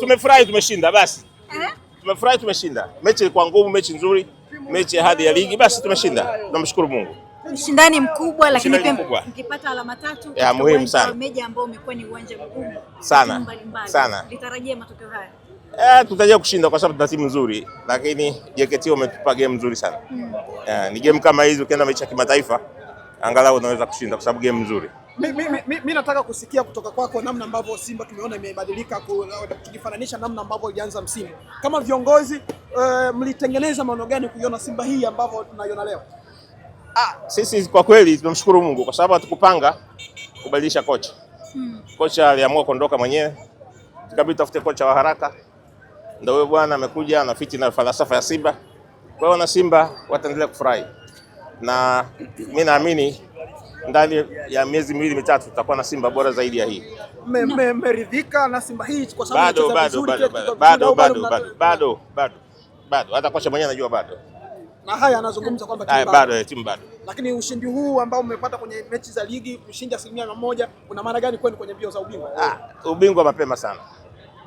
Tumefurahi tumeshinda, basi eh? tumefurahi tumeshinda. Mechi ilikuwa ngumu, mechi nzuri, mechi ya hadi ya ligi, basi tumeshinda, tunamshukuru Mungu. Ushindani mkubwa, lakini pia mkipata alama tatu ya muhimu sana, meja ambao umekuwa ni uwanja mkubwa sana sana. Litarajia matokeo haya Eh, tutarajia kushinda kwa sababu tuna timu nzuri, lakini JKT wametupa game nzuri sana. Mm. Eh, ni game kama hizi ukienda mechi ya kimataifa angalau unaweza kushinda kwa sababu game nzuri. Mi nataka kusikia kutoka kwako namna ambavyo Simba tumeona imebadilika, tukifananisha namna ambavyo ilianza msimu. Kama viongozi uh, mlitengeneza maono gani kuiona Simba hii ambavyo tunaiona leo? Ah, sisi kwa kweli tunamshukuru Mungu kwa sababu hatukupanga kubadilisha kocha. Hmm. Kocha aliamua kuondoka mwenyewe, tukabidi tafute kocha wa haraka, ndio huyo bwana amekuja fiti na falsafa ya Simba. Kwa hiyo na Simba wataendelea kufurahi na mi naamini ndani ya miezi miwili mitatu tutakuwa na Simba bora zaidi ya hii. Mmeridhika na Simba hii kwa sababu inacheza bado bado bado bado bado bado, bado bado hata kocha mwenyewe anajua bado, na haya anazungumza kwamba timu bado timu bado. Lakini ushindi huu ambao umepata kwenye mechi za ligi, ushindi asilimia mia moja, una maana gani kwenu kwenye mbio za ubingwa? Ah, ubingwa mapema sana,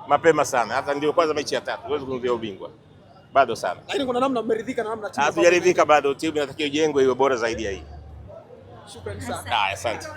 mapema sana, hata ndio kwanza mechi ya tatu, huwezi kuzungumzia ubingwa bado sana. Lakini kuna namna mmeridhika na namna timu hatujaridhika bado, timu inatakiwa ijengwe iwe bora zaidi ya hii. Super, Lisa. Ah, asante.